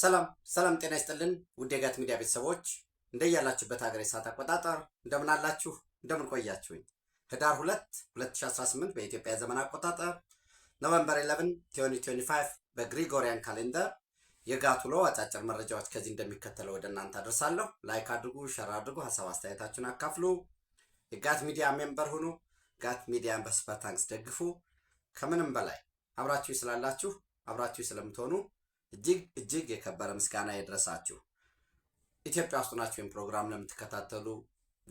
ሰላም ሰላም፣ ጤና ይስጥልን ውድ የጋት ሚዲያ ቤተሰቦች እንደያላችሁበት ሀገር የሰዓት አቆጣጠር እንደምናላችሁ ቆያችሁ ህዳር 2 2018 በኢትዮጵያ ዘመን አቆጣጠር ኖቨምበር 11 2025 በግሪጎሪያን ካሌንደር የጋት ውሎ አጫጭር መረጃዎች ከዚህ እንደሚከተለው ወደ እናንተ አድርሳለሁ ላይክ አድርጉ፣ ሸር አድርጉ፣ ሀሳብ አስተያየታችሁን አካፍሉ፣ የጋት ሚዲያ ሜምበር ሁኑ፣ ጋት ሚዲያን በሱፐር ታንክስ ደግፉ። ከምንም በላይ አብራችሁ ስላላችሁ አብራችሁ ስለምትሆኑ እጅግ እጅግ የከበረ ምስጋና የድረሳችሁ ኢትዮጵያ ውስጥ ናችሁ ወይም ፕሮግራም ለምትከታተሉ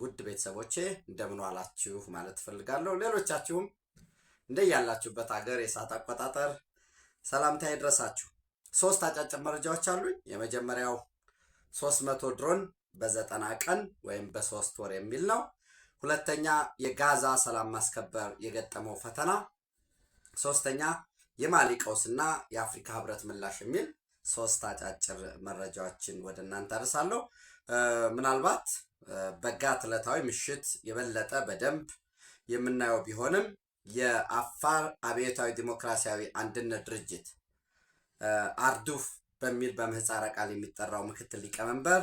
ውድ ቤተሰቦቼ እንደምን ዋላችሁ ማለት ፈልጋለሁ ሌሎቻችሁም እንደያላችሁበት ሀገር የሰዓት አቆጣጠር ሰላምታ የድረሳችሁ ሶስት አጫጭር መረጃዎች አሉኝ። የመጀመሪያው ሶስት መቶ ድሮን በዘጠና ቀን ወይም በሶስት ወር የሚል ነው። ሁለተኛ የጋዛ ሰላም ማስከበር የገጠመው ፈተና፣ ሶስተኛ የማሊ ቀውስና የአፍሪካ ህብረት ምላሽ የሚል ሶስት አጫጭር መረጃዎችን ወደ እናንተ አደርሳለሁ። ምናልባት በጋ ትለታዊ ምሽት የበለጠ በደንብ የምናየው ቢሆንም የአፋር አብዮታዊ ዲሞክራሲያዊ አንድነት ድርጅት አርዱፍ በሚል በምህፃረ ቃል የሚጠራው ምክትል ሊቀመንበር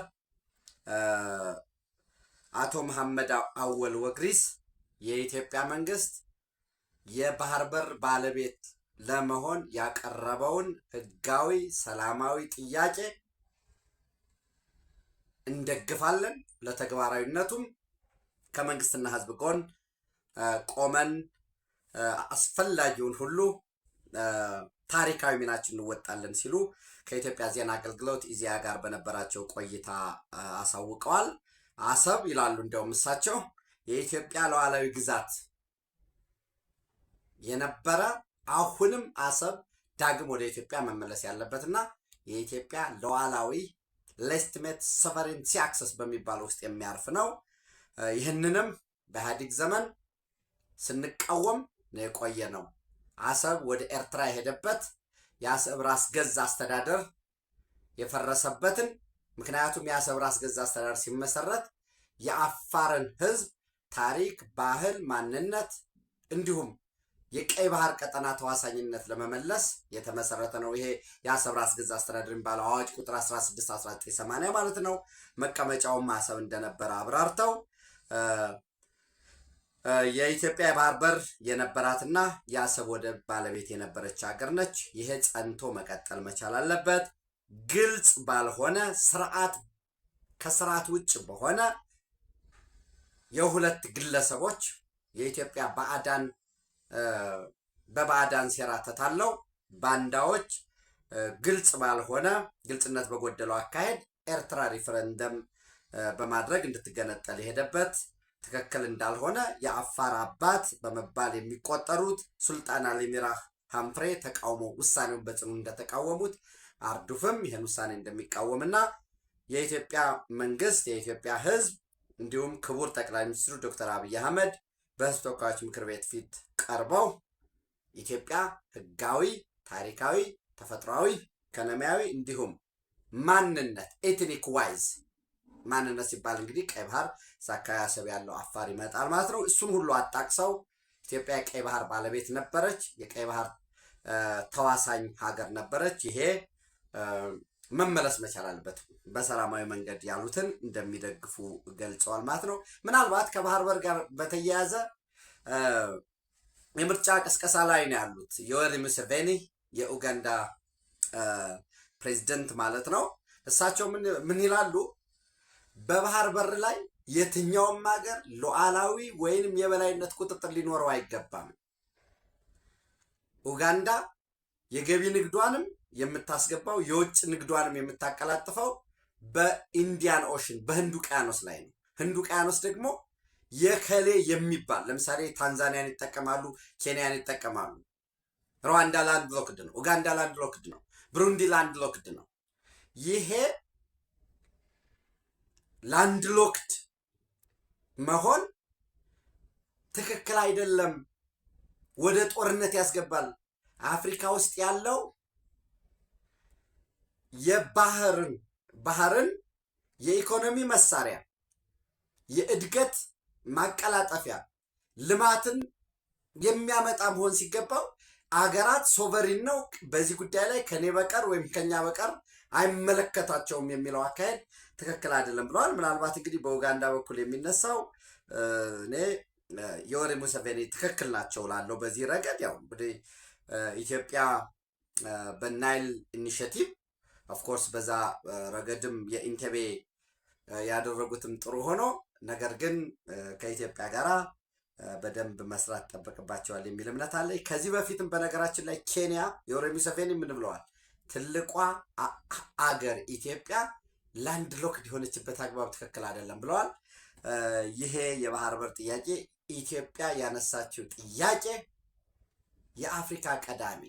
አቶ መሐመድ አወል ወግሪስ የኢትዮጵያ መንግስት የባህር በር ባለቤት ለመሆን ያቀረበውን ህጋዊ ሰላማዊ ጥያቄ እንደግፋለን። ለተግባራዊነቱም ከመንግስትና ህዝብ ጎን ቆመን አስፈላጊውን ሁሉ ታሪካዊ ሚናችን እንወጣለን ሲሉ ከኢትዮጵያ ዜና አገልግሎት ኢዜአ ጋር በነበራቸው ቆይታ አሳውቀዋል። አሰብ ይላሉ እንዲያውም እሳቸው የኢትዮጵያ ሉዓላዊ ግዛት የነበረ አሁንም አሰብ ዳግም ወደ ኢትዮጵያ መመለስ ያለበትና የኢትዮጵያ ሉዓላዊ ሌጅቲሜት ሶቨሬንቲ አክሰስ በሚባለው ውስጥ የሚያርፍ ነው። ይህንንም በኢህአዴግ ዘመን ስንቃወም ነው የቆየ ነው። አሰብ ወደ ኤርትራ የሄደበት የአሰብ ራስ ገዝ አስተዳደር የፈረሰበትን ምክንያቱም የአሰብ ራስ ገዝ አስተዳደር ሲመሰረት የአፋርን ህዝብ ታሪክ፣ ባህል፣ ማንነት እንዲሁም የቀይ ባህር ቀጠና ተዋሳኝነት ለመመለስ የተመሰረተ ነው። ይሄ የአሰብ ራስ ገዝ አስተዳደር የሚባለው አዋጅ ቁጥር 16 1980 ማለት ነው። መቀመጫውም አሰብ እንደነበረ አብራርተው የኢትዮጵያ የባህር በር የነበራትና የአሰብ ወደብ ባለቤት የነበረች ሀገር ነች። ይሄ ጸንቶ መቀጠል መቻል አለበት። ግልጽ ባልሆነ ስርዓት ከስርዓት ውጭ በሆነ የሁለት ግለሰቦች የኢትዮጵያ ባዕዳን በባዕዳን ሴራ ተታለው ባንዳዎች ግልጽ ባልሆነ ግልጽነት በጎደለው አካሄድ ኤርትራ ሪፈረንደም በማድረግ እንድትገነጠል የሄደበት ትክክል እንዳልሆነ የአፋር አባት በመባል የሚቆጠሩት ሱልጣን አሊሚራ ሃምፍሬ ተቃውሞ ውሳኔውን በጽኑ እንደተቃወሙት አርዱፍም ይህን ውሳኔ እንደሚቃወምና የኢትዮጵያ መንግስት የኢትዮጵያ ሕዝብ እንዲሁም ክቡር ጠቅላይ ሚኒስትሩ ዶክተር አብይ አህመድ በሕዝብ ተወካዮች ምክር ቤት ፊት ቀርበው ኢትዮጵያ ህጋዊ፣ ታሪካዊ፣ ተፈጥሯዊ፣ ኢኮኖሚያዊ እንዲሁም ማንነት ኤትኒክ ዋይዝ ማንነት ሲባል እንግዲህ ቀይ ባህር ሰብ ያለው አፋር ይመጣል ማለት ነው። እሱን ሁሉ አጣቅሰው ኢትዮጵያ የቀይ ባህር ባለቤት ነበረች፣ የቀይ ባህር ተዋሳኝ ሀገር ነበረች። ይሄ መመለስ መቻል አለበት። በሰላማዊ መንገድ ያሉትን እንደሚደግፉ ገልጸዋል ማለት ነው። ምናልባት ከባህር በር ጋር በተያያዘ የምርጫ ቅስቀሳ ላይ ነው ያሉት ዮዌሪ ሙሴቬኒ የኡጋንዳ ፕሬዚደንት ማለት ነው። እሳቸው ምን ይላሉ? በባህር በር ላይ የትኛውም ሀገር ሉዓላዊ ወይንም የበላይነት ቁጥጥር ሊኖረው አይገባም። ኡጋንዳ የገቢ ንግዷንም የምታስገባው የውጭ ንግዷንም የምታቀላጥፈው በኢንዲያን ኦሽን በህንድ ውቅያኖስ ላይ ነው። ህንድ ውቅያኖስ ደግሞ የከሌ የሚባል ለምሳሌ ታንዛኒያን ይጠቀማሉ፣ ኬንያን ይጠቀማሉ። ሩዋንዳ ላንድ ሎክድ ነው። ኡጋንዳ ላንድ ሎክድ ነው። ብሩንዲ ላንድ ሎክድ ነው። ይሄ ላንድ ሎክድ መሆን ትክክል አይደለም፣ ወደ ጦርነት ያስገባል። አፍሪካ ውስጥ ያለው የባህርን ባህርን የኢኮኖሚ መሳሪያ፣ የእድገት ማቀላጠፊያ፣ ልማትን የሚያመጣ መሆን ሲገባው አገራት ሶቨሪን ነው፣ በዚህ ጉዳይ ላይ ከኔ በቀር ወይም ከኛ በቀር አይመለከታቸውም የሚለው አካሄድ ትክክል አይደለም ብለዋል። ምናልባት እንግዲህ በኡጋንዳ በኩል የሚነሳው እኔ የወሬ ሙሰቬኒ ትክክል ናቸው ላለው በዚህ ረገድ ያው እንግዲህ ኢትዮጵያ በናይል ኢኒሽቲቭ ኦፍኮርስ በዛ ረገድም የኢንቴቤ ያደረጉትም ጥሩ ሆኖ ነገር ግን ከኢትዮጵያ ጋራ በደንብ መስራት ጠበቅባቸዋል የሚል እምነት አለ። ከዚህ በፊትም በነገራችን ላይ ኬንያ ዮዌሪ ሙሴቬኒ ምን ብለዋል? ትልቋ አገር ኢትዮጵያ ላንድ ሎክ የሆነችበት አግባብ ትክክል አይደለም ብለዋል። ይሄ የባህር በር ጥያቄ ኢትዮጵያ ያነሳችው ጥያቄ የአፍሪካ ቀዳሚ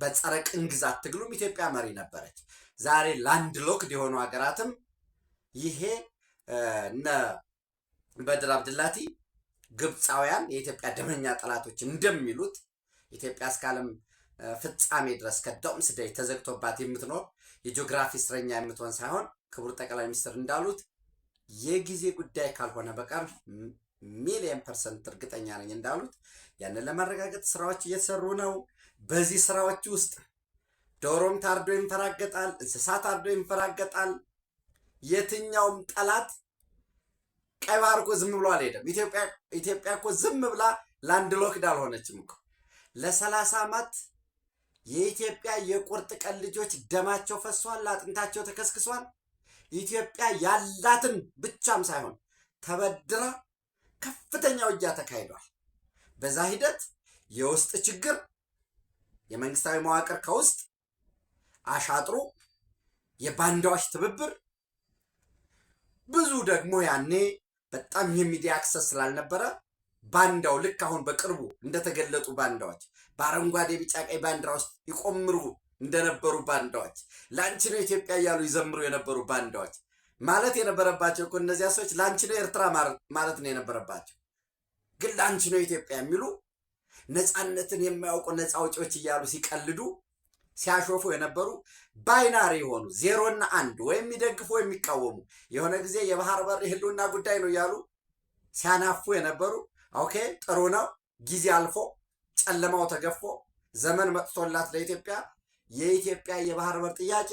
በጸረ ቅኝ ግዛት ትግሉም ኢትዮጵያ መሪ ነበረች። ዛሬ ላንድ ሎክድ የሆኑ ሀገራትም ይሄ እነ በድር አብድላቲ ግብፃውያን የኢትዮጵያ ደመኛ ጠላቶች እንደሚሉት ኢትዮጵያ እስከ ዓለም ፍጻሜ ድረስ ከዳውም ስደይ ተዘግቶባት የምትኖር የጂኦግራፊ እስረኛ የምትሆን ሳይሆን ክቡር ጠቅላይ ሚኒስትር እንዳሉት የጊዜ ጉዳይ ካልሆነ በቀር ሚሊየን ፐርሰንት እርግጠኛ ነኝ እንዳሉት ያንን ለማረጋገጥ ስራዎች እየተሰሩ ነው። በዚህ ስራዎች ውስጥ ዶሮም ታርዶ ይንፈራገጣል፣ እንስሳ ታርዶ ይንፈራገጣል። የትኛውም ጠላት ቀይ ባህር እኮ ዝም ብሎ አልሄደም። ኢትዮጵያ እኮ ዝም ብላ ላንድ ሎክድ አልሆነችም እኮ ለሰላሳ አመት የኢትዮጵያ የቁርጥ ቀን ልጆች ደማቸው ፈሷል፣ አጥንታቸው ተከስክሷል። ኢትዮጵያ ያላትን ብቻም ሳይሆን ተበድራ ከፍተኛ ውጊያ ተካሂዷል። በዛ ሂደት የውስጥ ችግር የመንግስታዊ መዋቅር ከውስጥ አሻጥሮ የባንዳዎች ትብብር ብዙ ደግሞ ያኔ በጣም የሚዲያ አክሰስ ስላልነበረ ባንዳው ልክ አሁን በቅርቡ እንደተገለጡ ባንዳዎች በአረንጓዴ ቢጫ ቀይ ባንዲራ ውስጥ ይቆምሩ እንደነበሩ ባንዳዎች ለአንቺ ነው ኢትዮጵያ እያሉ ይዘምሩ የነበሩ ባንዳዎች ማለት የነበረባቸው እኮ እነዚያ ሰዎች ለአንቺ ነው ኤርትራ ማለት ነው የነበረባቸው፣ ግን ለአንቺ ነው ኢትዮጵያ የሚሉ ነፃነትን የማያውቁ ነፃ አውጪዎች እያሉ ሲቀልዱ ሲያሾፉ የነበሩ ባይናሪ የሆኑ ዜሮና አንድ ወይም የሚደግፉ የሚቃወሙ የሆነ ጊዜ የባህር በር የህልውና ጉዳይ ነው እያሉ ሲያናፉ የነበሩ ኦኬ ጥሩ ነው። ጊዜ አልፎ ጨለማው ተገፎ ዘመን መጥቶላት ለኢትዮጵያ የኢትዮጵያ የባህር በር ጥያቄ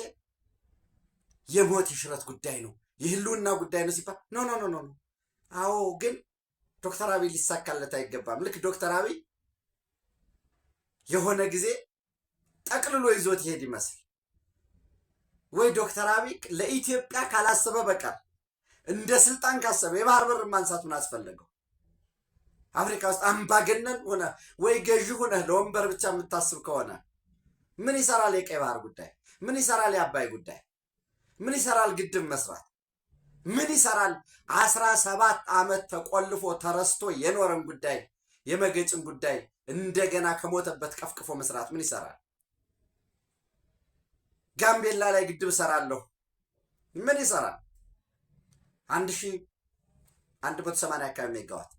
የሞት የሽረት ጉዳይ ነው የህልውና ጉዳይ ነው ሲባል ኖ ኖ ኖ ኖ። አዎ ግን ዶክተር አብይ ሊሳካለት አይገባም። ልክ ዶክተር አብይ የሆነ ጊዜ ጠቅልሎ ይዞት ይሄድ ይመስል ወይ ዶክተር አብይ ለኢትዮጵያ ካላሰበ በቀር እንደ ስልጣን ካሰበ የባህር በር ማንሳት ምን አስፈለገው? አፍሪካ ውስጥ አምባገነን ሆነ ወይ ገዢ ሆነ ለወንበር ብቻ የምታስብ ከሆነ ምን ይሰራል? የቀይ ባህር ጉዳይ ምን ይሰራል? የአባይ ጉዳይ ምን ይሰራል? ግድብ መስራት ምን ይሰራል? አስራ ሰባት ዓመት ተቆልፎ ተረስቶ የኖረን ጉዳይ የመገጭን ጉዳይ እንደገና ከሞተበት ቀፍቅፎ መስራት ምን ይሰራል? ጋምቤላ ላይ ግድብ እሰራለሁ ምን ይሰራል? አንድ ሺ አንድ መቶ ሰማንያ አካባቢ ሜጋዋት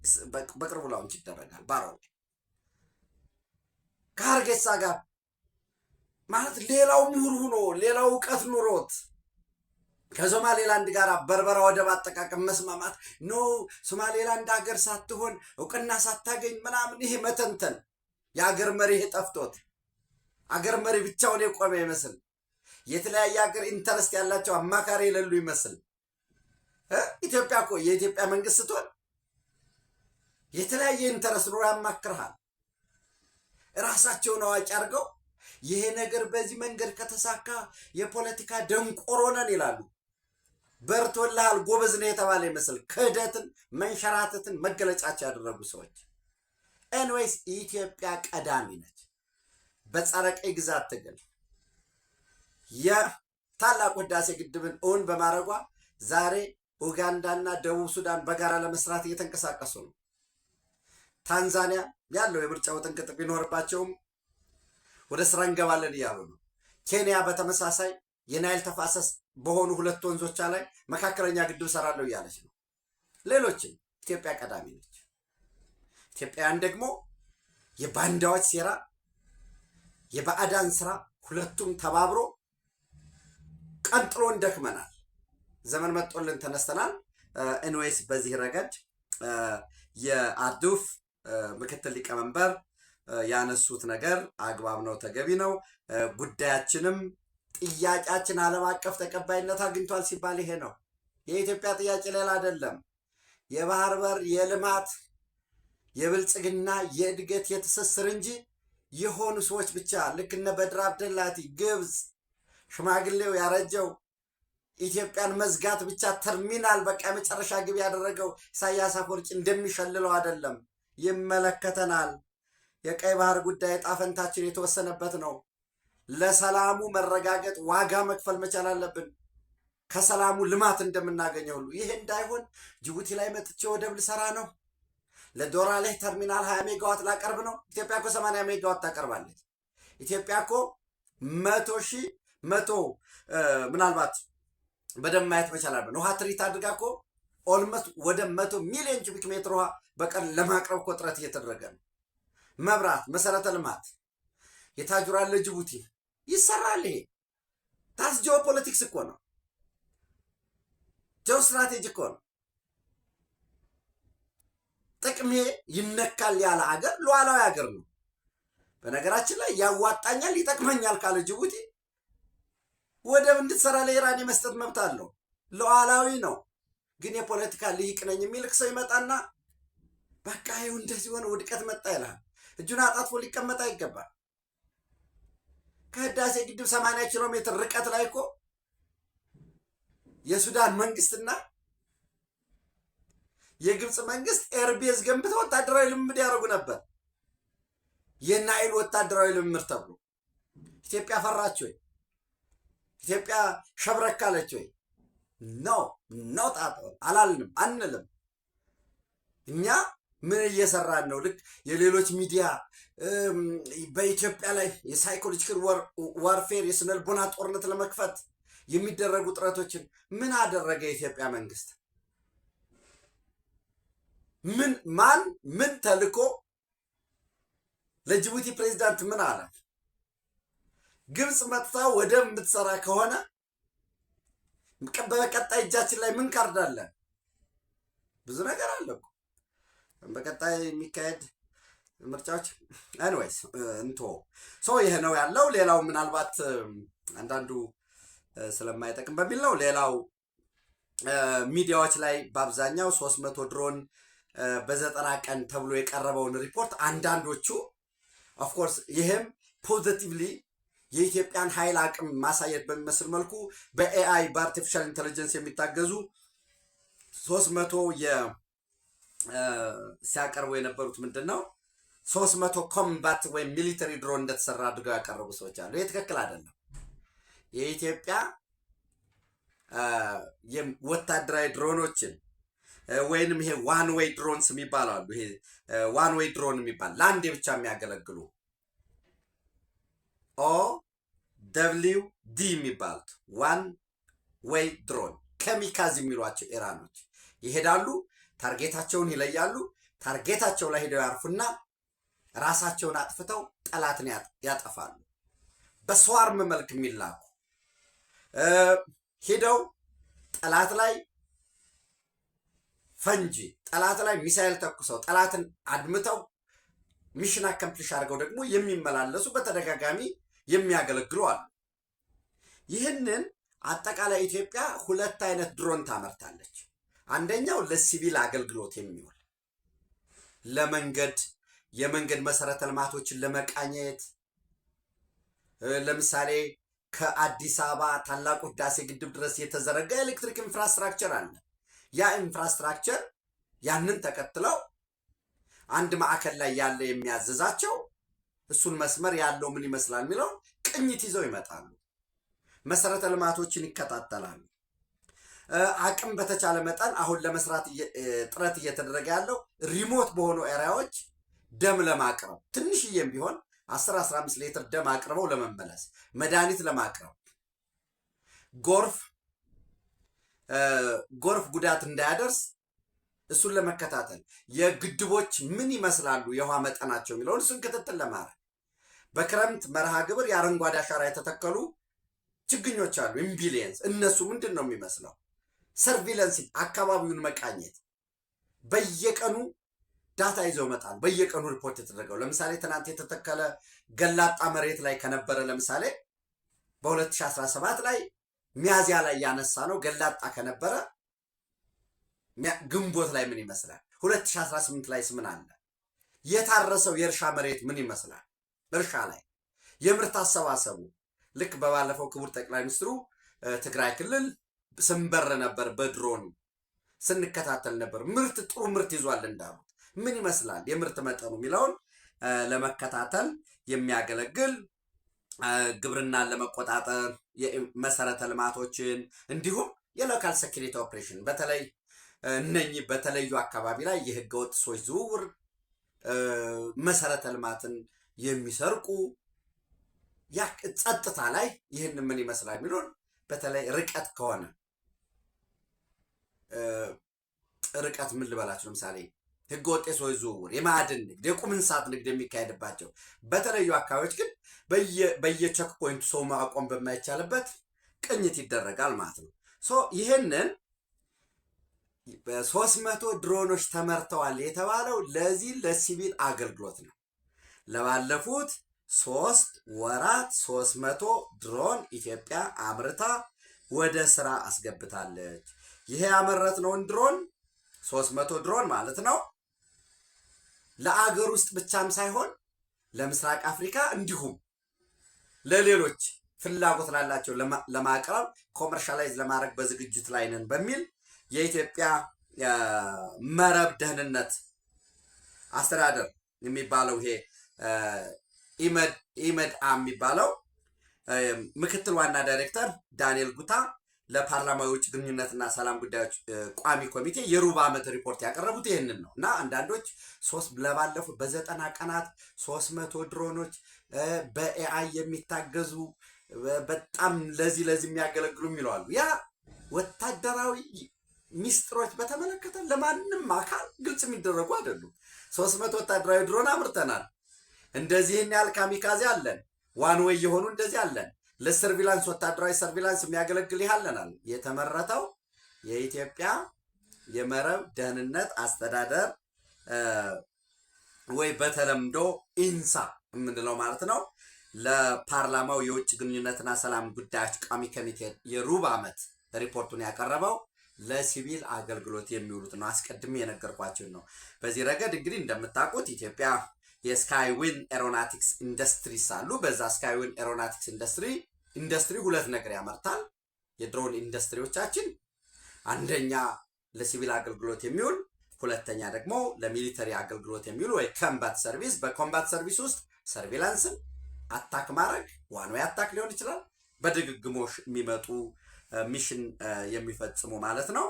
በቅርቡ ላውንች ይደረጋል። ባሮ ከሀርጌሳ ጋር ማለት ሌላው ምሁር ሁኖ ሌላው እውቀት ኑሮት ከሶማሌላንድ ጋር በርበራ ወደብ አጠቃቀም መስማማት ኖ ሶማሌላንድ ሀገር ሳትሆን እውቅና ሳታገኝ ምናምን፣ ይሄ መተንተን የአገር መሪ ይሄ ጠፍቶት አገር መሪ ብቻውን የቆመ ይመስል የተለያየ ሀገር ኢንተረስት ያላቸው አማካሪ የሌሉ ይመስል ኢትዮጵያ እኮ የኢትዮጵያ መንግስት ስትሆን የተለያየ ኢንተረስት ኑሮ ያማክርሃል። ራሳቸውን አዋቂ አድርገው ይሄ ነገር በዚህ መንገድ ከተሳካ የፖለቲካ ደንቆሮነን ይላሉ። በርቶልሃል፣ ጎበዝ ነው የተባለ ይመስል ክህደትን፣ መንሸራተትን መገለጫቸው ያደረጉ ሰዎች ኤንዌይስ ኢትዮጵያ ቀዳሚ ነች በጸረ ቀይ ግዛት ትግል የታላቁ ህዳሴ ግድብን እውን በማድረጓ ዛሬ ኡጋንዳና ደቡብ ሱዳን በጋራ ለመስራት እየተንቀሳቀሱ ነው። ታንዛኒያ ያለው የምርጫው ጥንቅጥቅ ቢኖርባቸውም ወደ ስራ እንገባለን እያሉ ነው። ኬንያ በተመሳሳይ የናይል ተፋሰስ በሆኑ ሁለት ወንዞቿ ላይ መካከለኛ ግድብ ሰራለሁ እያለች ነው። ሌሎችም ኢትዮጵያ ቀዳሚ ነች። ኢትዮጵያውያን ደግሞ የባንዳዎች ሴራ፣ የባዕዳን ስራ ሁለቱም ተባብሮ ቀንጥሎን ደክመናል። ዘመን መጦልን ተነስተናል። ኤንዌይስ በዚህ ረገድ የአርዱፍ ምክትል ሊቀመንበር ያነሱት ነገር አግባብ ነው፣ ተገቢ ነው። ጉዳያችንም ጥያቄያችን ዓለም አቀፍ ተቀባይነት አግኝቷል ሲባል ይሄ ነው። የኢትዮጵያ ጥያቄ ሌላ አይደለም። የባህር በር የልማት የብልጽግና የእድገት የትስስር እንጂ የሆኑ ሰዎች ብቻ ልክ እነ በድር አብደላቲ ግብፅ ሽማግሌው ያረጀው ኢትዮጵያን መዝጋት ብቻ ተርሚናል በቃ የመጨረሻ ግብ ያደረገው ኢሳያስ አፈወርቂ እንደሚሸልለው አይደለም። ይመለከተናል። የቀይ ባህር ጉዳይ ጣፈንታችን የተወሰነበት ነው። ለሰላሙ መረጋገጥ ዋጋ መክፈል መቻል አለብን። ከሰላሙ ልማት እንደምናገኘው ሁሉ ይህ እንዳይሆን ጅቡቲ ላይ መጥቼ ወደብ ልሰራ ነው፣ ለዶራሌህ ተርሚናል ሀያ ሜጋዋት ላቀርብ ነው። ኢትዮጵያ እኮ 80 ሜጋዋት ታቀርባለች። ኢትዮጵያ እኮ መቶ ሺህ መቶ ምናልባት በደንብ ማየት መቻል አለብን። ውሃ ትሪት አድርጋ እኮ ኦልሞስት ወደ መቶ ሚሊዮን ኪቢክ ሜትር ውሃ በቀን ለማቅረብ እኮ ጥረት እየተደረገ ነው። መብራት፣ መሰረተ ልማት የታጁራን ለጅቡቲ ይሰራል። ይሄ ታስ ጂኦ ፖለቲክስ እኮ ነው፣ ጂኦ ስትራቴጂ እኮ ነው። ጥቅሜ ይነካል ያለ ሀገር ሉዓላዊ ሀገር ነው። በነገራችን ላይ ያዋጣኛል ይጠቅመኛል ካለ ጅቡቲ ወደብ እንድትሰራ ለኢራን የመስጠት መብት አለው። ሉዓላዊ ነው። ግን የፖለቲካ ልሂቅ ነኝ የሚልክ ሰው ይመጣና በቃ ይሁን እንደዚህ ሆነ ውድቀት መጣ ይላል። እጁን አጣጥፎ ሊቀመጥ አይገባል። ከህዳሴ ግድብ 80 ኪሎ ሜትር ርቀት ላይ እኮ የሱዳን መንግስትና የግብፅ መንግስት ኤርቤዝ ገንብተው ወታደራዊ ልምምድ ያደርጉ ነበር። የናይል ወታደራዊ ልምምድ ተብሎ ኢትዮጵያ ፈራች ወይ? ኢትዮጵያ ሸብረካለች ወይ? ነው ነው ጣጥ አላልንም አንልም። እኛ ምን እየሰራን ነው? ልክ የሌሎች ሚዲያ በኢትዮጵያ ላይ የሳይኮሎጂካል ዋርፌር የስነልቦና ጦርነት ለመክፈት የሚደረጉ ጥረቶችን ምን አደረገ የኢትዮጵያ መንግስት? ምን ማን ምን ተልኮ ለጅቡቲ ፕሬዚዳንት ምን አለ? ግብፅ መጥታ ወደብ የምትሰራ ከሆነ በቀጣይ እጃችን ላይ ምን ካርዳለን? ብዙ ነገር አለ በቀጣይ የሚካሄድ ምርጫዎች ኤንዌይስ እንቶ ሶ ይሄ ነው ያለው። ሌላው ምናልባት አንዳንዱ ስለማይጠቅም በሚል ነው። ሌላው ሚዲያዎች ላይ በአብዛኛው ሶስት መቶ ድሮን በዘጠና ቀን ተብሎ የቀረበውን ሪፖርት አንዳንዶቹ ኦፍኮርስ ይህም ፖዘቲቭሊ የኢትዮጵያን ኃይል አቅም ማሳየት በሚመስል መልኩ በኤአይ በአርቲፊሻል ኢንቴሊጀንስ የሚታገዙ ሶስት መቶ ሲያቀርቡ የነበሩት ምንድን ነው ሶስት መቶ ኮምባት ወይም ሚሊተሪ ድሮን እንደተሰራ አድርገው ያቀረቡ ሰዎች አሉ። ይህ ትክክል አይደለም። የኢትዮጵያ ወታደራዊ ድሮኖችን ወይንም ይሄ ዋን ዌይ ድሮንስ የሚባሉ አሉ። ይሄ ዋን ዌይ ድሮን የሚባል ለአንዴ ብቻ የሚያገለግሉ ኦ ደብሊው ዲ የሚባሉት ዋን ዌይ ድሮን ከሚካዝ የሚሏቸው ኢራኖች ይሄዳሉ፣ ታርጌታቸውን ይለያሉ። ታርጌታቸው ላይ ሄደው ያርፉና ራሳቸውን አጥፍተው ጠላትን ያጠፋሉ። በሰዋርም መልክ የሚላኩ ሂደው ጠላት ላይ ፈንጂ፣ ጠላት ላይ ሚሳይል ተኩሰው ጠላትን አድምተው ሚሽን አከምፕሊሽ አድርገው ደግሞ የሚመላለሱ በተደጋጋሚ የሚያገለግሉ አሉ። ይህንን አጠቃላይ ኢትዮጵያ ሁለት አይነት ድሮን ታመርታለች። አንደኛው ለሲቪል አገልግሎት የሚውል ለመንገድ የመንገድ መሰረተ ልማቶችን ለመቃኘት ለምሳሌ ከአዲስ አበባ ታላቁ ህዳሴ ግድብ ድረስ የተዘረጋ ኤሌክትሪክ ኢንፍራስትራክቸር አለ። ያ ኢንፍራስትራክቸር ያንን ተከትለው አንድ ማዕከል ላይ ያለ የሚያዘዛቸው እሱን መስመር ያለው ምን ይመስላል የሚለው ቅኝት ይዘው ይመጣሉ። መሰረተ ልማቶችን ይከታተላሉ። አቅም በተቻለ መጠን አሁን ለመስራት ጥረት እየተደረገ ያለው ሪሞት በሆኑ ኤሪያዎች ደም ለማቅረብ ትንሽዬም ቢሆን 10 15 ሊትር ደም አቅርበው ለመመለስ መድኃኒት ለማቅረብ ጎርፍ ጎርፍ ጉዳት እንዳያደርስ እሱን ለመከታተል የግድቦች ምን ይመስላሉ የውሃ መጠናቸው የሚለውን እሱን ክትትል ለማድረግ በክረምት መርሃ ግብር የአረንጓዴ አሻራ የተተከሉ ችግኞች አሉ። ኢምቢሊየንስ እነሱ ምንድን ነው የሚመስለው? ሰርቪለንስ አካባቢውን መቃኘት በየቀኑ ዳታ ይዘው መጣል። በየቀኑ ሪፖርት የተደረገው ለምሳሌ ትናንት የተተከለ ገላጣ መሬት ላይ ከነበረ ለምሳሌ በ2017 ላይ ሚያዚያ ላይ ያነሳ ነው ገላጣ ከነበረ ግንቦት ላይ ምን ይመስላል? 2018 ላይ ምን አለ? የታረሰው የእርሻ መሬት ምን ይመስላል? እርሻ ላይ የምርት አሰባሰቡ ልክ በባለፈው ክቡር ጠቅላይ ሚኒስትሩ ትግራይ ክልል ስንበር ነበር፣ በድሮን ስንከታተል ነበር። ምርት ጥሩ ምርት ይዟል እንዳሉ ምን ይመስላል የምርት መጠኑ የሚለውን ለመከታተል የሚያገለግል ግብርናን ለመቆጣጠር መሰረተ ልማቶችን እንዲሁም የሎካል ሴኪሪቲ ኦፕሬሽን በተለይ እነኚህ በተለዩ አካባቢ ላይ ወጥ ሰዎች ዝውውር መሰረተ ልማትን የሚሰርቁ ጸጥታ ላይ ይህን ምን ይመስላል የሚለውን በተለይ ርቀት ከሆነ ርቀት ምን ልበላችሁ፣ ለምሳሌ ህገወጥ የሰዎች ዝውውር፣ የማዕድን ንግድ፣ የቁም እንስሳት ንግድ የሚካሄድባቸው በተለዩ አካባቢዎች ግን በየቸክ ፖይንቱ ሰው ማቆም በማይቻልበት ቅኝት ይደረጋል ማለት ነው። ይህንን በሶስት መቶ ድሮኖች ተመርተዋል የተባለው ለዚህ ለሲቪል አገልግሎት ነው። ለባለፉት ሶስት ወራት ሶስት መቶ ድሮን ኢትዮጵያ አምርታ ወደ ስራ አስገብታለች። ይሄ ያመረትነውን ድሮን ሶስት መቶ ድሮን ማለት ነው ለአገር ውስጥ ብቻም ሳይሆን ለምስራቅ አፍሪካ እንዲሁም ለሌሎች ፍላጎት ላላቸው ለማቅረብ ኮመርሻላይዝ ለማድረግ በዝግጅት ላይ ነን በሚል የኢትዮጵያ መረብ ደህንነት አስተዳደር የሚባለው ይሄ ኢመድአ የሚባለው ምክትል ዋና ዳይሬክተር ዳንኤል ጉታ ለፓርላማ የውጭ ግንኙነትና ሰላም ጉዳዮች ቋሚ ኮሚቴ የሩብ ዓመት ሪፖርት ያቀረቡት ይህንን ነው እና አንዳንዶች ለባለፉ በዘጠና ቀናት ሶስት መቶ ድሮኖች በኤአይ የሚታገዙ በጣም ለዚህ ለዚህ የሚያገለግሉ የሚለዋሉ። ያ ወታደራዊ ሚስጥሮች በተመለከተ ለማንም አካል ግልጽ የሚደረጉ አይደሉም። ሶስት መቶ ወታደራዊ ድሮን አምርተናል፣ እንደዚህን ያህል ካሚካዜ አለን፣ ዋን ወይ የሆኑ እንደዚህ አለን ለሰርቪላንስ ወታደራዊ ሰርቪላንስ የሚያገለግል ይሃለናል የተመረተው የኢትዮጵያ የመረብ ደህንነት አስተዳደር ወይ በተለምዶ ኢንሳ የምንለው ማለት ነው። ለፓርላማው የውጭ ግንኙነትና ሰላም ጉዳዮች ቋሚ ኮሚቴ የሩብ ዓመት ሪፖርቱን ያቀረበው ለሲቪል አገልግሎት የሚውሉት ነው። አስቀድሜ የነገርኳቸውን ነው። በዚህ ረገድ እንግዲህ እንደምታውቁት ኢትዮጵያ የስካይዊን ኤሮናቲክስ ኢንዱስትሪስ አሉ። በዛ ስካይዊን ኤሮናቲክስ ኢንዱስትሪ ኢንዱስትሪ ሁለት ነገር ያመርታል። የድሮን ኢንዱስትሪዎቻችን አንደኛ ለሲቪል አገልግሎት የሚውል ሁለተኛ ደግሞ ለሚሊተሪ አገልግሎት የሚውል ወይ ከምባት ሰርቪስ። በኮምባት ሰርቪስ ውስጥ ሰርቪላንስን አታክ ማድረግ ዋን ወይ አታክ ሊሆን ይችላል። በድግግሞሽ የሚመጡ ሚሽን የሚፈጽሙ ማለት ነው።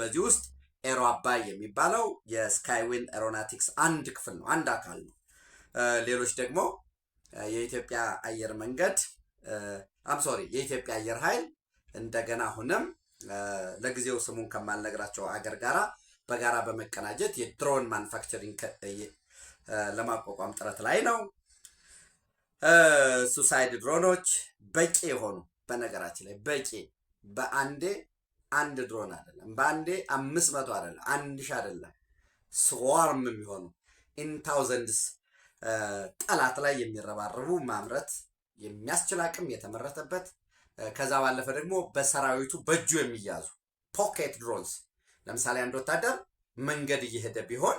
በዚህ ውስጥ ኤሮ አባይ የሚባለው የስካይዊን ኤሮናቲክስ አንድ ክፍል ነው፣ አንድ አካል ነው። ሌሎች ደግሞ የኢትዮጵያ አየር መንገድ አም ሶሪ የኢትዮጵያ አየር ኃይል እንደገና አሁንም ለጊዜው ስሙን ከማልነግራቸው አገር ጋራ በጋራ በመቀናጀት የድሮን ማኑፋክቸሪንግ ለማቋቋም ጥረት ላይ ነው። ሱሳይድ ድሮኖች በቂ የሆኑ በነገራችን ላይ በቂ በአንዴ አንድ ድሮን አይደለም፣ በአንዴ አምስት መቶ አይደለም፣ አንድ ሺ አይደለም፣ ስዋርም የሚሆኑ ኢን ታውዘንድስ ጠላት ላይ የሚረባረቡ ማምረት የሚያስችል አቅም የተመረተበት ከዛ ባለፈ ደግሞ በሰራዊቱ በእጁ የሚያዙ ፖኬት ድሮንስ ለምሳሌ አንድ ወታደር መንገድ እየሄደ ቢሆን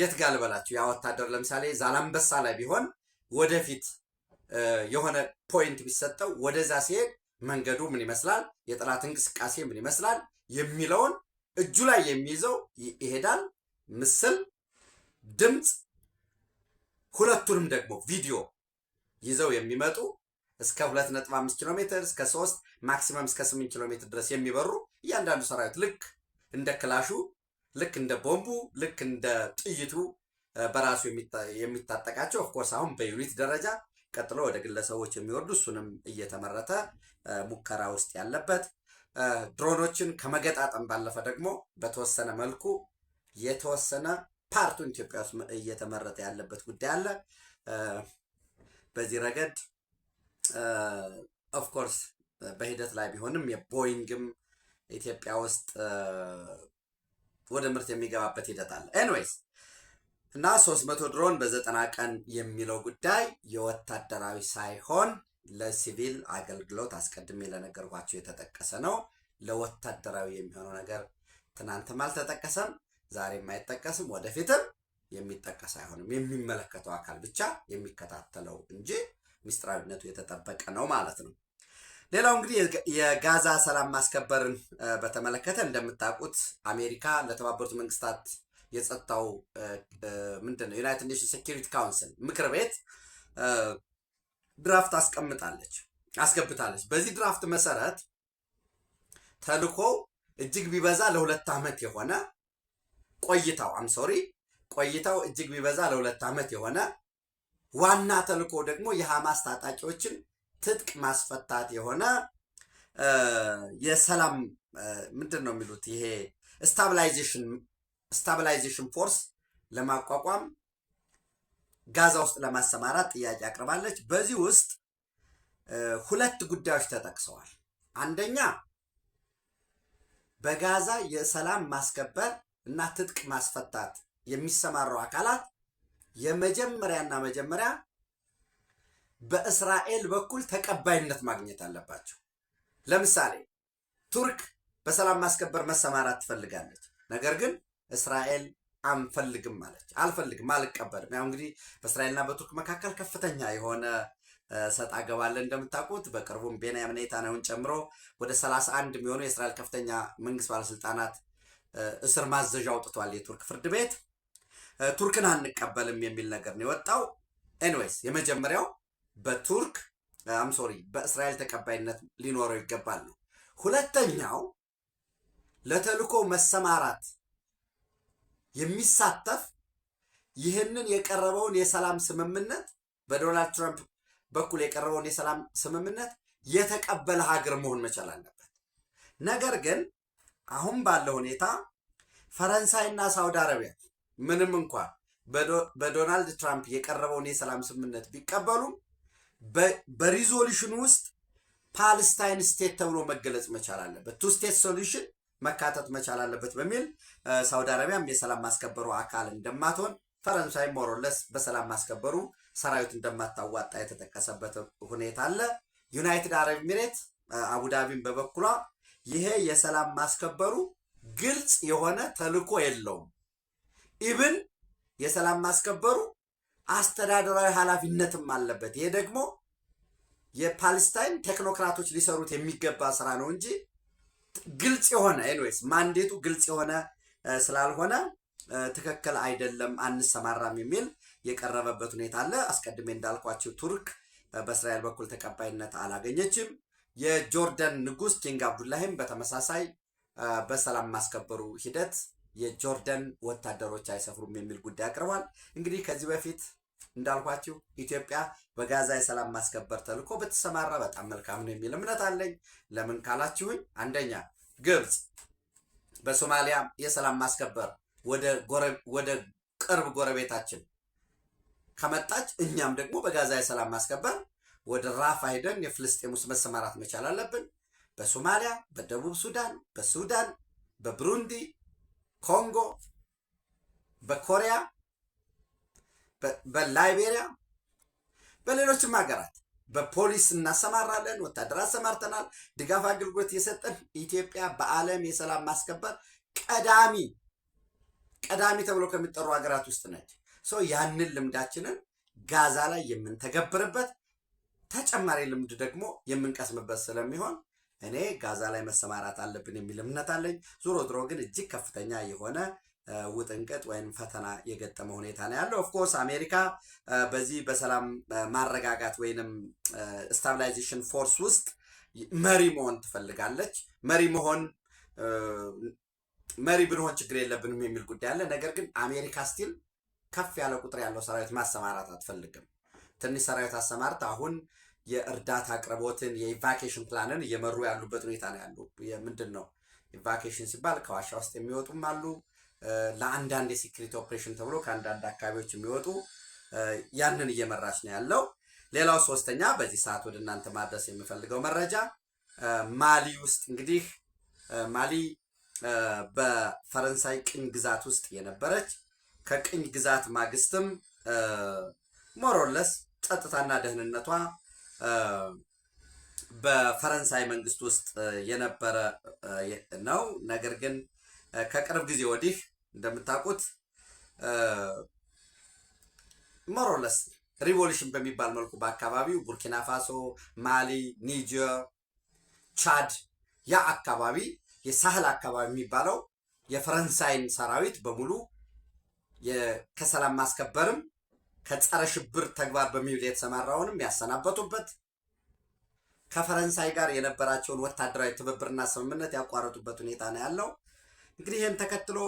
የት ጋር ልበላችሁ፣ ያ ወታደር ለምሳሌ ዛላንበሳ ላይ ቢሆን ወደፊት የሆነ ፖይንት ቢሰጠው ወደዛ ሲሄድ መንገዱ ምን ይመስላል፣ የጠላት እንቅስቃሴ ምን ይመስላል የሚለውን እጁ ላይ የሚይዘው ይሄዳል ምስል ድምፅ ሁለቱንም ደግሞ ቪዲዮ ይዘው የሚመጡ እስከ 2.5 ኪሎ ሜትር እስከ 3 ማክሲመም እስከ 8 ኪሎ ሜትር ድረስ የሚበሩ እያንዳንዱ ሰራዊት ልክ እንደ ክላሹ ልክ እንደ ቦምቡ ልክ እንደ ጥይቱ በራሱ የሚታጠቃቸው ኦፍኮርስ አሁን በዩኒት ደረጃ ቀጥሎ ወደ ግለሰቦች የሚወርዱ እሱንም እየተመረተ ሙከራ ውስጥ ያለበት ድሮኖችን ከመገጣጠም ባለፈ ደግሞ በተወሰነ መልኩ የተወሰነ ፓርቱን ኢትዮጵያ ውስጥ እየተመረጠ ያለበት ጉዳይ አለ። በዚህ ረገድ ኦፍኮርስ በሂደት ላይ ቢሆንም የቦይንግም ኢትዮጵያ ውስጥ ወደ ምርት የሚገባበት ሂደት አለ። ኤንዌይስ እና ሶስት መቶ ድሮን በዘጠና ቀን የሚለው ጉዳይ የወታደራዊ ሳይሆን ለሲቪል አገልግሎት አስቀድሜ ለነገርኳቸው የተጠቀሰ ነው። ለወታደራዊ የሚሆነው ነገር ትናንትም አልተጠቀሰም። ዛሬም አይጠቀስም፣ ወደፊትም የሚጠቀስ አይሆንም። የሚመለከተው አካል ብቻ የሚከታተለው እንጂ ሚስጥራዊነቱ የተጠበቀ ነው ማለት ነው። ሌላው እንግዲህ የጋዛ ሰላም ማስከበርን በተመለከተ እንደምታውቁት አሜሪካ ለተባበሩት መንግስታት የጸጥታው ምንድን ነው ዩናይትድ ኔሽንስ ሴኪሪቲ ካውንስል ምክር ቤት ድራፍት አስቀምጣለች አስገብታለች። በዚህ ድራፍት መሰረት ተልኮ እጅግ ቢበዛ ለሁለት ዓመት የሆነ ቆይታው አም ሶሪ ቆይታው እጅግ ቢበዛ ለሁለት ዓመት የሆነ ዋና ተልእኮ ደግሞ የሐማስ ታጣቂዎችን ትጥቅ ማስፈታት የሆነ የሰላም ምንድን ነው የሚሉት ይሄ ስታብላይዜሽን ፎርስ ለማቋቋም ጋዛ ውስጥ ለማሰማራት ጥያቄ አቅርባለች። በዚህ ውስጥ ሁለት ጉዳዮች ተጠቅሰዋል። አንደኛ በጋዛ የሰላም ማስከበር እና ትጥቅ ማስፈታት የሚሰማሩ አካላት የመጀመሪያና መጀመሪያ በእስራኤል በኩል ተቀባይነት ማግኘት አለባቸው። ለምሳሌ ቱርክ በሰላም ማስከበር መሰማራት ትፈልጋለች። ነገር ግን እስራኤል አንፈልግም አለች። አልፈልግም፣ አልቀበልም። ያው እንግዲህ በእስራኤልና በቱርክ መካከል ከፍተኛ የሆነ ሰጣ ገባለ እንደምታውቁት በቅርቡም ቤንያሚን ኔታንያሁን ጨምሮ ወደ ሰላሳ አንድ የሚሆኑ የእስራኤል ከፍተኛ መንግስት ባለስልጣናት እስር ማዘዣ አውጥቷል የቱርክ ፍርድ ቤት። ቱርክን አንቀበልም የሚል ነገር ነው የወጣው። ኤኒዌይስ የመጀመሪያው በቱርክ አም ሶሪ በእስራኤል ተቀባይነት ሊኖረው ይገባል ነው። ሁለተኛው ለተልኮ መሰማራት የሚሳተፍ ይህንን የቀረበውን የሰላም ስምምነት በዶናልድ ትራምፕ በኩል የቀረበውን የሰላም ስምምነት የተቀበለ ሀገር መሆን መቻል አለበት። ነገር ግን አሁን ባለው ሁኔታ ፈረንሳይና ሳውዲ አረቢያ ምንም እንኳን በዶናልድ ትራምፕ የቀረበውን የሰላም ስምምነት ቢቀበሉም በሪዞሉሽን ውስጥ ፓለስታይን ስቴት ተብሎ መገለጽ መቻል አለበት፣ ቱ ስቴት ሶሉሽን መካተት መቻል አለበት በሚል ሳውዲ አረቢያም የሰላም ማስከበሩ አካል እንደማትሆን ፈረንሳይ ሞሮለስ በሰላም ማስከበሩ ሰራዊት እንደማታዋጣ የተጠቀሰበት ሁኔታ አለ። ዩናይትድ አረብ ኤሚሬት አቡዳቢን በበኩሏ ይሄ የሰላም ማስከበሩ ግልጽ የሆነ ተልዕኮ የለውም። ኢብን የሰላም ማስከበሩ አስተዳደራዊ ኃላፊነትም አለበት። ይሄ ደግሞ የፓለስታይን ቴክኖክራቶች ሊሰሩት የሚገባ ስራ ነው እንጂ ግልጽ የሆነ ኤኒዌይስ ማንዴቱ ግልጽ የሆነ ስላልሆነ ትክክል አይደለም፣ አንሰማራም የሚል የቀረበበት ሁኔታ አለ። አስቀድሜ እንዳልኳቸው ቱርክ በእስራኤል በኩል ተቀባይነት አላገኘችም። የጆርደን ንጉስ ኪንግ አብዱላሂም በተመሳሳይ በሰላም ማስከበሩ ሂደት የጆርደን ወታደሮች አይሰፍሩም የሚል ጉዳይ አቅርቧል። እንግዲህ ከዚህ በፊት እንዳልኳችሁ ኢትዮጵያ በጋዛ የሰላም ማስከበር ተልኮ ብትሰማራ በጣም መልካም ነው የሚል እምነት አለኝ። ለምን ካላችሁኝ፣ አንደኛ ግብፅ በሶማሊያ የሰላም ማስከበር ወደ ቅርብ ጎረቤታችን ከመጣች እኛም ደግሞ በጋዛ የሰላም ማስከበር ወደ ራፋ ሄደን የፍልስጤም ውስጥ መሰማራት መቻል አለብን። በሶማሊያ፣ በደቡብ ሱዳን፣ በሱዳን፣ በብሩንዲ፣ ኮንጎ፣ በኮሪያ፣ በላይቤሪያ፣ በሌሎችም ሀገራት በፖሊስ እናሰማራለን። ወታደር አሰማርተናል። ድጋፍ አገልግሎት የሰጠን ኢትዮጵያ በዓለም የሰላም ማስከበር ቀዳሚ ቀዳሚ ተብሎ ከሚጠሩ ሀገራት ውስጥ ነች። ያንን ልምዳችንን ጋዛ ላይ የምንተገብርበት ተጨማሪ ልምድ ደግሞ የምንቀስምበት ስለሚሆን እኔ ጋዛ ላይ መሰማራት አለብን የሚል እምነት አለኝ። ዞሮ ዞሮ ግን እጅግ ከፍተኛ የሆነ ውጥንቅጥ ወይም ፈተና የገጠመ ሁኔታ ነው ያለው። ኦፍኮርስ አሜሪካ በዚህ በሰላም ማረጋጋት ወይንም ስታብላይዜሽን ፎርስ ውስጥ መሪ መሆን ትፈልጋለች። መሪ መሆን መሪ ብንሆን ችግር የለብንም የሚል ጉዳይ አለ። ነገር ግን አሜሪካ ስቲል ከፍ ያለ ቁጥር ያለው ሰራዊት ማሰማራት አትፈልግም። ትንሽ ሰራዊት አሰማርት አሁን የእርዳታ አቅርቦትን የኢቫኬሽን ፕላንን እየመሩ ያሉበት ሁኔታ ነው ያሉ። ምንድን ነው ኢቫኬሽን ሲባል ከዋሻ ውስጥ የሚወጡም አሉ። ለአንዳንድ የሴኩሪቲ ኦፕሬሽን ተብሎ ከአንዳንድ አካባቢዎች የሚወጡ ያንን እየመራች ነው ያለው። ሌላው ሶስተኛ፣ በዚህ ሰዓት ወደ እናንተ ማድረስ የሚፈልገው መረጃ ማሊ ውስጥ እንግዲህ ማሊ በፈረንሳይ ቅኝ ግዛት ውስጥ የነበረች ከቅኝ ግዛት ማግስትም ሞሮለስ ጸጥታና ደህንነቷ በፈረንሳይ መንግስት ውስጥ የነበረ ነው። ነገር ግን ከቅርብ ጊዜ ወዲህ እንደምታውቁት ሞሮለስ ሪቮሉሽን በሚባል መልኩ በአካባቢው ቡርኪና ፋሶ፣ ማሊ፣ ኒጀር፣ ቻድ ያ አካባቢ የሳህል አካባቢ የሚባለው የፈረንሳይን ሰራዊት በሙሉ ከሰላም ማስከበርም ከጸረ ሽብር ተግባር በሚውል የተሰማራውንም ያሰናበቱበት ከፈረንሳይ ጋር የነበራቸውን ወታደራዊ ትብብርና ስምምነት ያቋረጡበት ሁኔታ ነው ያለው። እንግዲህ ይህን ተከትሎ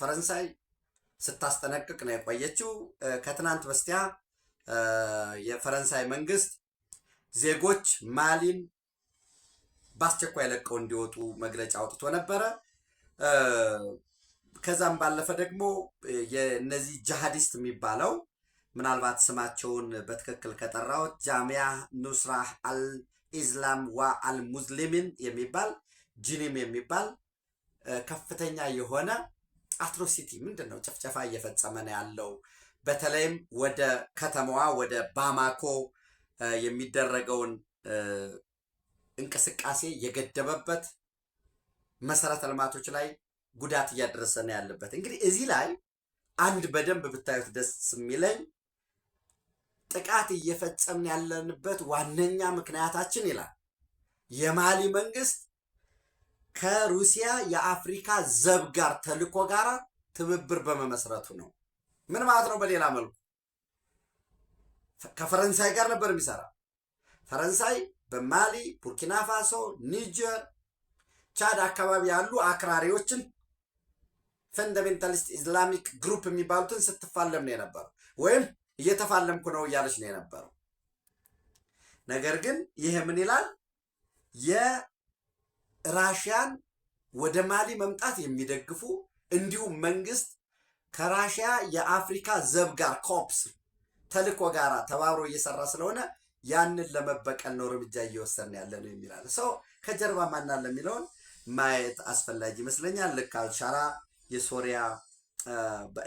ፈረንሳይ ስታስጠነቅቅ ነው የቆየችው። ከትናንት በስቲያ የፈረንሳይ መንግስት ዜጎች ማሊን በአስቸኳይ ለቀው እንዲወጡ መግለጫ አውጥቶ ነበረ። ከዛም ባለፈ ደግሞ የእነዚህ ጂሃዲስት የሚባለው ምናልባት ስማቸውን በትክክል ከጠራሁት ጃሚያ ኑስራ አልኢስላም ዋ አልሙዝሊሚን የሚባል ጂኒም የሚባል ከፍተኛ የሆነ አትሮሲቲ ምንድን ነው ጭፍጨፋ እየፈጸመ ነው ያለው። በተለይም ወደ ከተማዋ ወደ ባማኮ የሚደረገውን እንቅስቃሴ የገደበበት መሰረተ ልማቶች ላይ ጉዳት እያደረሰ ነው ያለበት። እንግዲህ እዚህ ላይ አንድ በደንብ ብታዩት ደስ የሚለኝ ጥቃት እየፈጸምን ያለንበት ዋነኛ ምክንያታችን ይላል የማሊ መንግስት ከሩሲያ የአፍሪካ ዘብ ጋር ተልዕኮ ጋር ትብብር በመመስረቱ ነው። ምን ማለት ነው? በሌላ መልኩ ከፈረንሳይ ጋር ነበር የሚሰራ። ፈረንሳይ በማሊ ቡርኪና ፋሶ፣ ኒጀር፣ ቻድ አካባቢ ያሉ አክራሪዎችን ፈንዳሜንታሊስት ኢስላሚክ ግሩፕ የሚባሉትን ስትፋለም ነው የነበረው ወይም እየተፋለምኩ ነው እያለች ነው የነበረው። ነገር ግን ይሄ ምን ይላል? የራሽያን ወደ ማሊ መምጣት የሚደግፉ እንዲሁም መንግስት ከራሽያ የአፍሪካ ዘብ ጋር ኮፕስ ተልኮ ጋር ተባብሮ እየሰራ ስለሆነ ያንን ለመበቀል ነው እርምጃ እየወሰን ያለ ነው የሚላል ሰው ከጀርባ ማናለ የሚለውን ማየት አስፈላጊ ይመስለኛል። ልክ አልሻራ የሶሪያ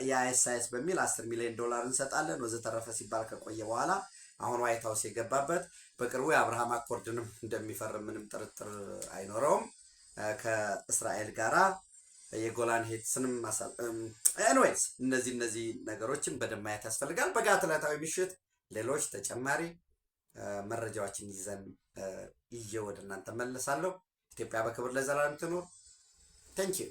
የአይኤስአይኤስ በሚል አስር ሚሊዮን ዶላር እንሰጣለን ወዘተረፈ ሲባል ከቆየ በኋላ አሁን ዋይት ሀውስ የገባበት በቅርቡ የአብርሃም አኮርድንም እንደሚፈርም ምንም ጥርጥር አይኖረውም። ከእስራኤል ጋራ የጎላን ሄትስንም ኤንዌይስ እነዚህ እነዚህ ነገሮችን በደንብ ማየት ያስፈልጋል። በጋት ዕለታዊ ምሽት ሌሎች ተጨማሪ መረጃዎችን ይዘን እየ ወደ እናንተ መለሳለሁ። ኢትዮጵያ በክብር ለዘላለም ትኑር። ተንኪዩ